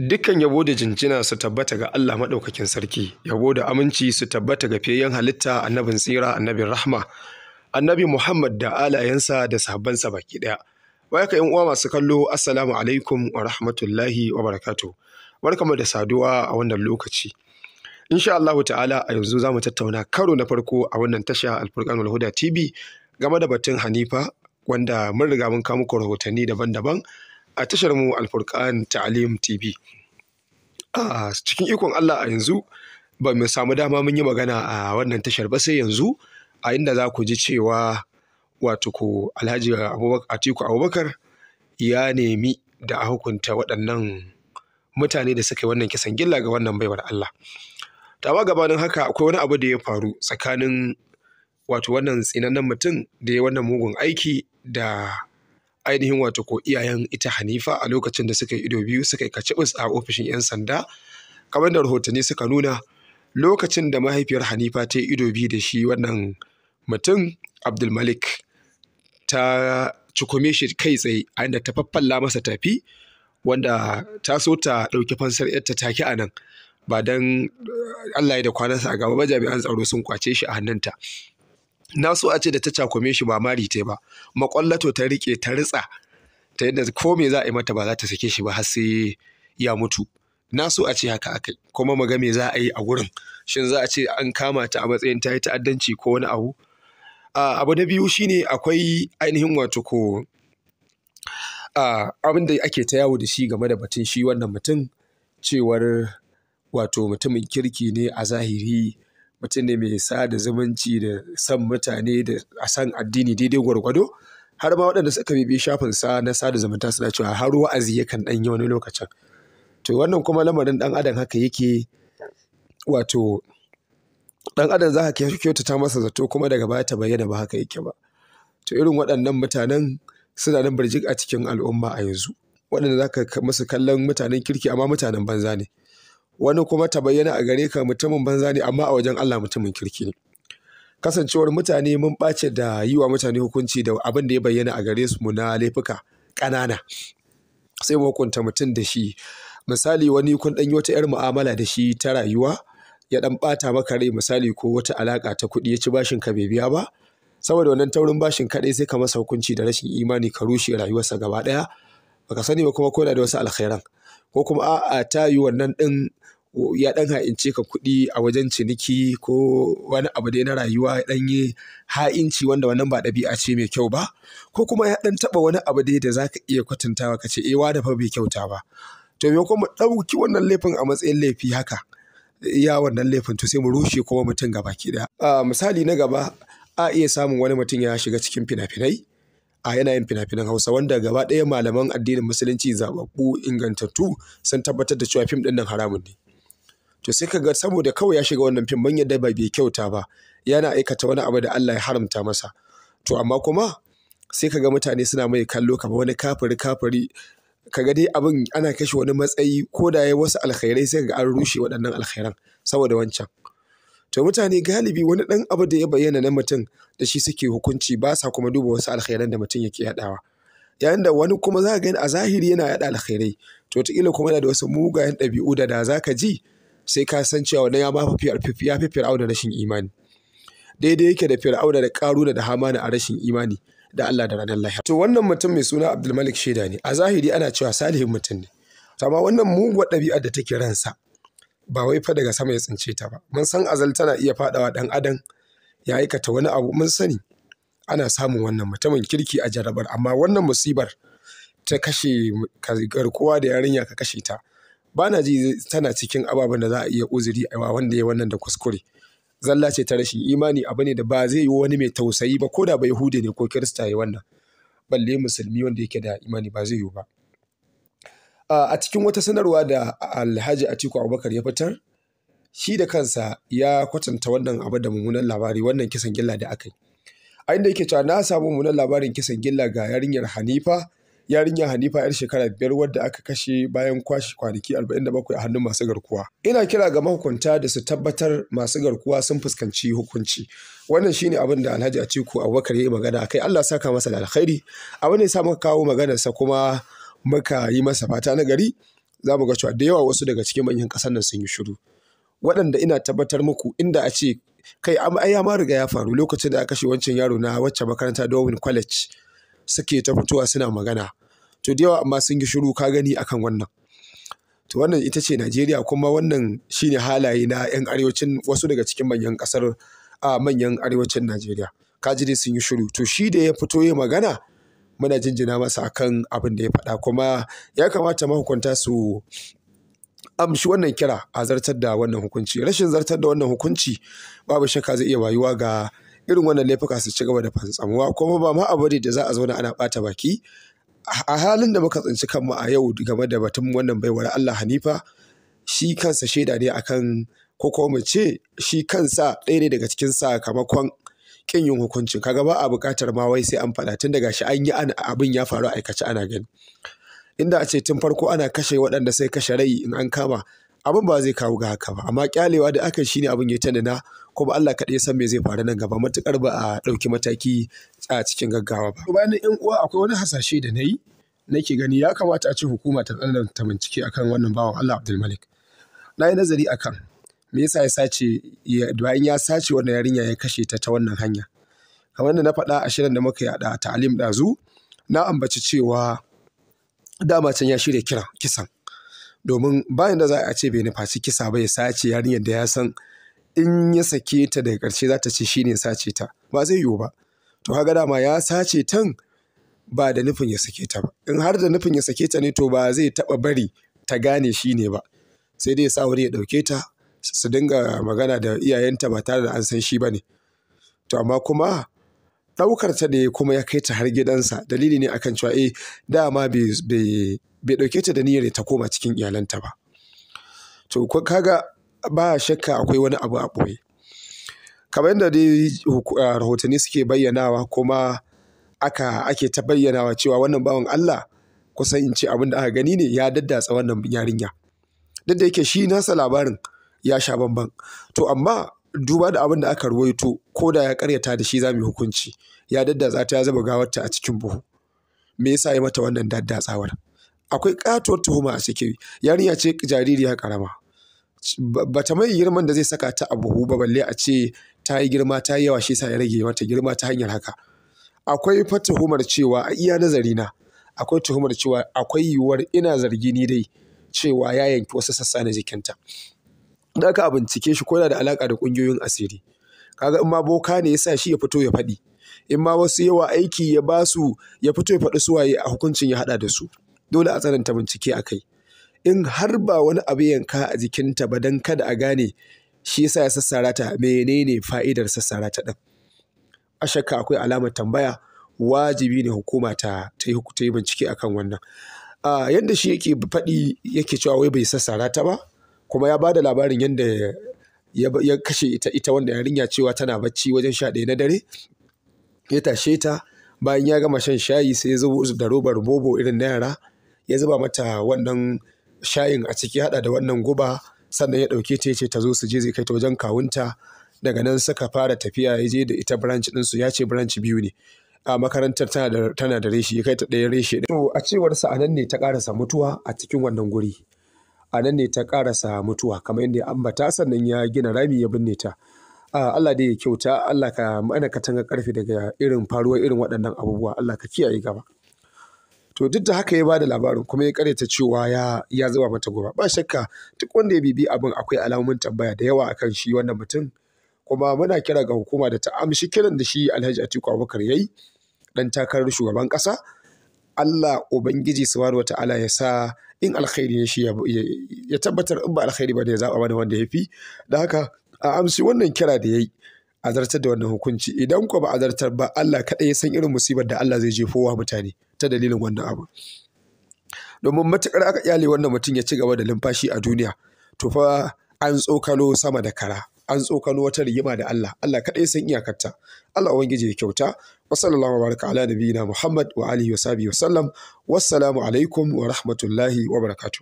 Dukkan yabo da jinjina su tabbata ga Allah maɗaukakin sarki, yabo da aminci su tabbata ga fiyayyen halitta annabin tsira annabin rahma, annabi Muhammad da alayensa da sahabbansa baki ɗaya. Baya ka uwa masu kallo, Assalamu alaikum wa rahmatullahi wa barakatu. Barkamu da saduwa a wannan lokaci. Insha Allah ta'ala a yanzu za mu tattauna karo na farko a wannan tasha Alfurkan walhuda TV game da batun Hanifa wanda mun riga mun kawo muku rahotanni daban-daban a tashar mu alfurkan ta'alim tv a cikin ikon allah a yanzu ba mu samu dama mun yi magana a wannan tashar ba sai yanzu a inda za ku ji cewa wato ko alhaji atiku abubakar ya nemi da a hukunta waɗannan mutane da suka yi wannan kisan gilla ga wannan baiwar allah tawa gabanin haka akwai wani abu da ya faru tsakanin wato wannan tsinannen mutum da ya wannan mugun aiki da ainihin wato ko iyayen ita Hanifa a lokacin da suka yi ido biyu suka yi kacibis a ofishin 'yan sanda kamar da rahotanni suka nuna lokacin da mahaifiyar Hanifa ta yi ido biyu da shi wannan mutum Abdulmalik ta cikome shi kai tsaye a inda ta faffalla masa tafi wanda ta so ta ɗauki fansar yarta ta a nan ba don eh, Allah ya da kwanansa a gaba ba jami'an tsaro sun kwace shi a hannunta na so a ce da ta cakume shi ba mari ta ba makwallato ta rike ta ritsa ta yadda ko me za a yi mata ba za ta sake shi ba har sai ya mutu na so a ce haka akai kuma mu ga me za a yi a gurin shin za a ce an kama ta a matsayin ta yi ta'addanci ko wani abu abu na biyu shine akwai ainihin wato ko abin da ake ta yawo da shi game da batun shi wannan mutum cewar wato mutumin kirki ne a zahiri mutum ne mai sa da zumunci da san mutane da a san addini daidai gwargwado har ma waɗanda suka bibi shafin sa na sada zumunta suna cewa har wa'azi yakan ɗan yi wani lokacin to wannan kuma lamarin ɗan adam haka yake wato ɗan adam za ka kyautata masa zato kuma daga baya ta bayyana ba haka yake ba to irin waɗannan mutanen suna nan birjik a cikin al'umma a yanzu waɗanda za ka masu kallon mutanen kirki amma mutanen banza ne wani kuma ta bayyana a gare ka mutumin banza ne amma a wajen Allah mutumin kirki ne kasancewar mutane mun bace da yi wa mutane hukunci da abin da ya bayyana a gare su na laifuka ƙanana sai mu hukunta mutum da shi misali wani kun ɗan yi wata 'yar mu'amala da shi ta rayuwa ya ɗan ɓata maka rai misali ko wata alaƙa ta kuɗi ya ci bashin ka bai biya ba saboda wannan taurin bashin kaɗai sai ka masa hukunci da rashin imani ka rushe rayuwarsa gaba ɗaya baka sani ba kuma ko da wasu alkhairan ko kuma a'a ta yi wannan ɗin ya ɗan ha'ince ka kuɗi a wajen ciniki ko wani abu dai na rayuwa ɗan yi ha'inci wanda wannan ba ɗabi'a ce mai kyau ba ko kuma ya ɗan taɓa wani abu dai da za ka iya kwatantawa ka ce ewa eh, da fa bai kyauta ba to me kuma ɗauki wannan laifin a matsayin laifi haka iya wannan laifin to sai mu rushe kuma mutum gaba ki ɗaya ah, misali na gaba a iya samun wani mutum ya shiga cikin fina-finai a yana yin fina-finan Hausa wanda gaba ɗaya malaman addinin musulunci zababbu ingantattu sun tabbatar da cewa fim ɗin nan haramun ne. To sai ka ga saboda kawai ya shiga wannan fim ban yadda ba bai kyauta ba yana aikata wani abu da Allah ya haramta masa. To amma kuma sai ka ga mutane suna mai kallo kama wani kafiri kafiri kaga dai abin ana kashe wani matsayi ko da ya wasu alkhairai sai ga an rushe waɗannan alkhairan saboda wancan. to mutane galibi wani ɗan abu da ya bayyana na mutum da shi suke hukunci ba sa kuma duba wasu alkhairan da mutum yake yaɗawa yayin da wani kuma za ka a zahiri yana yada alkhairai to wataƙila kuma yana da wasu mugayen ɗabi'u da da za ka ji sai ka san cewa wannan ya ma fi ya fir'auna rashin imani daidai yake da fir'auda da ƙaruna da hamana a rashin imani da Allah da ranar lahira to wannan mutum mai suna Abdulmalik Sheda ne a zahiri ana cewa salihin mutum ne to amma wannan muguwar ɗabi'ar da take ransa ba wai fa daga sama ya tsince ta ba mun san azal tana iya fadawa dan adam ya aikata wani abu mun sani ana samun wannan mutumin kirki a jarabar amma wannan musibar ta kashe garkuwa da yarinya ka kashe ta ba na ji tana cikin ababen da za a iya uzuri a wanda ya wannan da kuskure zalla ce ta rashin imani abu ne da ba zai yi wani mai tausayi ba ko da ba yahudi ne ko kirista ya wannan balle musulmi wanda yake da imani ba zai yi ba a cikin wata sanarwa da alhaji atiku abubakar ya fitar shi da kansa ya kwatanta wannan abu da mummunan labari wannan kisan gilla da aka yi a inda yake cewa na samu mummunan labarin kisan gilla ga yarinyar hanifa yarinyar hanifa yar shekara biyar wadda aka kashe bayan kwashe kwanaki arba'in da bakwai a hannun masu garkuwa ina kira ga mahukunta da su tabbatar masu garkuwa sun fuskanci hukunci wannan shine abin da alhaji atiku abubakar ya yi magana akai allah saka masa da alkhairi abin ne ya sa muka kawo maganarsa kuma muka yi masa fata na gari za mu ga cewa da yawa wasu daga cikin manyan ƙasar nan sun yi shiru waɗanda ina tabbatar muku inda a ce kai ai ya ma riga ya faru lokacin da aka kashe wancan yaro na wacce makaranta Darwin College suke ta fitowa suna magana to da yawa amma sun yi shiru ka gani akan wannan to wannan ita ce Najeriya kuma wannan shine halaye na yan arewacin wasu daga cikin manyan kasar a manyan arewacin Najeriya kaji dai sun yi shiru to shi da ya fito ya magana muna jinjina masa akan abin da ya faɗa kuma ya kamata mahukunta su amshi wannan kira a zartar da wannan hukunci rashin zartar da wannan hukunci babu shakka zai iya wayuwa ga irin wannan laifuka su ci gaba da fantsamuwa kuma ba ma abu da za a zauna ana bata baki a halin da muka tsinci kanmu a yau game da batun wannan baiwar Allah Hanifa shi kansa shaida ne akan ko kuma mu ce shi kansa ɗaya ne daga cikin sakamakon ƙin yin hukuncin kaga ba a buƙatar ma wai sai an faɗa tun daga shi an yi abin ya faru aikace ana gani inda a ce tun farko ana kashe waɗanda sai kashe rai in an kama abin ba zai kawo ga haka ba amma kyalewa da aka shine abin ya na kuma Allah kaɗai ya san me zai faru nan gaba matukar ba a ɗauki mataki a cikin gaggawa ba bayan yan uwa akwai wani hasashe da nayi nake gani ya kamata a ce hukuma ta tsananta bincike akan wannan bawan Allah Abdulmalik na yi nazari akan me yasa ya sace bayan ya sace wannan yarinya ya kashe ta ta wannan hanya kamar da na faɗa a shirin da muka yaɗa ta'alim ɗazu na ambaci cewa dama can ya shirya kira kisan domin bayan da za a ce bai nufaci kisa ba ya sace yarinyar da ya san in ya sake ta daga ƙarshe za ta ce shi ne sace ta ba zai yiwu ba to haka dama ya sace tan ba da nufin ya sake ta ba in har da nufin ya sake ta ne to ba zai taɓa bari ta gane shi ne ba sai dai ya sa wuri ya ɗauke ta su dinga magana da iyayenta ba tare da an san shi ba ne to amma kuma ɗaukar ta ne kuma ya kai ta har gidansa dalili ne akan cewa eh dama bai ɗauke ta da niyyar ta koma cikin iyalanta ba to kaga ba shakka akwai wani abu a ɓoye kamar yadda dai ah, rahotanni suke bayyanawa kuma aka ake ta bayyanawa cewa wannan bawan Allah kusan in ce abin da aka gani ne ya daddatsa wannan yarinya duk da yake shi nasa labarin ya sha bamban to amma duba da abin da aka ruwaito ko da ya karyata da shi za mu yi hukunci ya daddatsa ta ya zama gawarta a cikin buhu me yasa ya mata wannan daddatsawar akwai katuwar tuhuma a cikin yarinya ce jaririya karama bata mai girman da zai saka ta a buhu ba balle a ce ta yi girma ta yi yawa shi sa ya rage mata girma ta hanyar haka akwai fa tuhumar cewa a iya nazari na akwai tuhumar cewa akwai yiwuwar ina zargi ni dai cewa ya yanki wasu sassa na jikinta da aka bincike shi ko yana da alaka da ƙungiyoyin asiri kaga in ma boka ne ya sa shi ya fito ya faɗi in ma wasu yawa aiki ya ba su ya fito ya faɗi suwaye a hukuncin ya haɗa da su dole a tsananta bincike a kai in har ba wani abu yanka a jikinta ba dan kada a gane shi yasa ya sassara ta menene fa'idar sassara ta ɗin a shakka akwai alamar tambaya wajibi ne hukuma ta ta yi bincike akan wannan a ah, yadda shi yake faɗi yake cewa wai bai sassara ta ba kuma ya ba da labarin yadda ya kashe ita ita wanda yarinya cewa tana bacci wajen sha ɗaya na dare ya tashe ta bayan ya gama shan shayi sai ya zubo da robar bobo irin na yara ya zuba mata wannan shayin a ciki hada da wannan guba sannan ya ɗauke ta ce ta zo su je zai kai ta wajen kawunta daga nan suka fara tafiya ya je da ita branch ɗinsu ya ce branch biyu ne a makarantar tana da, reshi ya kai ta ɗaya reshi to a cewar sa anan ne ta ƙarasa mutuwa a cikin wannan guri a nan ne ta karasa mutuwa kamar yadda ya ambata sannan ya gina rami ya binne ta Allah da ya kyauta Allah ka mana tanga karfe daga irin faruwar irin waɗannan abubuwa Allah ka kiyaye gaba to duk da haka ya bada labarin kuma ya ta cewa ya ya zuba mata goma ba shakka duk wanda ya bibi abin akwai alamomin tambaya da yawa akan shi wannan mutum kuma muna kira ga hukuma da ta amshi kiran da shi Alhaji Atiku Abubakar yayi dan takarar shugaban ƙasa. Allah Ubangiji subhanahu wata'ala ya sa in alkhairi ne shi ya tabbatar in ba alkhairi ba ne ya zaba da wanda ya fi da haka a amshi wannan kira da ya yi a zartar da wannan hukunci idan ko ba a zartar ba Allah kaɗai ya san irin musibar da Allah zai jefowa mutane ta dalilin wannan abu domin matukar aka kyale wannan mutum ya ci gaba da numfashi a duniya to fa an tsokalo sama da kara an tsokano wata rigima da Allah Allah kaɗai san iyakarta Allah ubangiji ya kyauta wa sallallahu baraka ala nabiyina Muhammad wa alihi wa sahbihi wa sallam wassalamu alaikum wa rahmatullahi wa barakatuh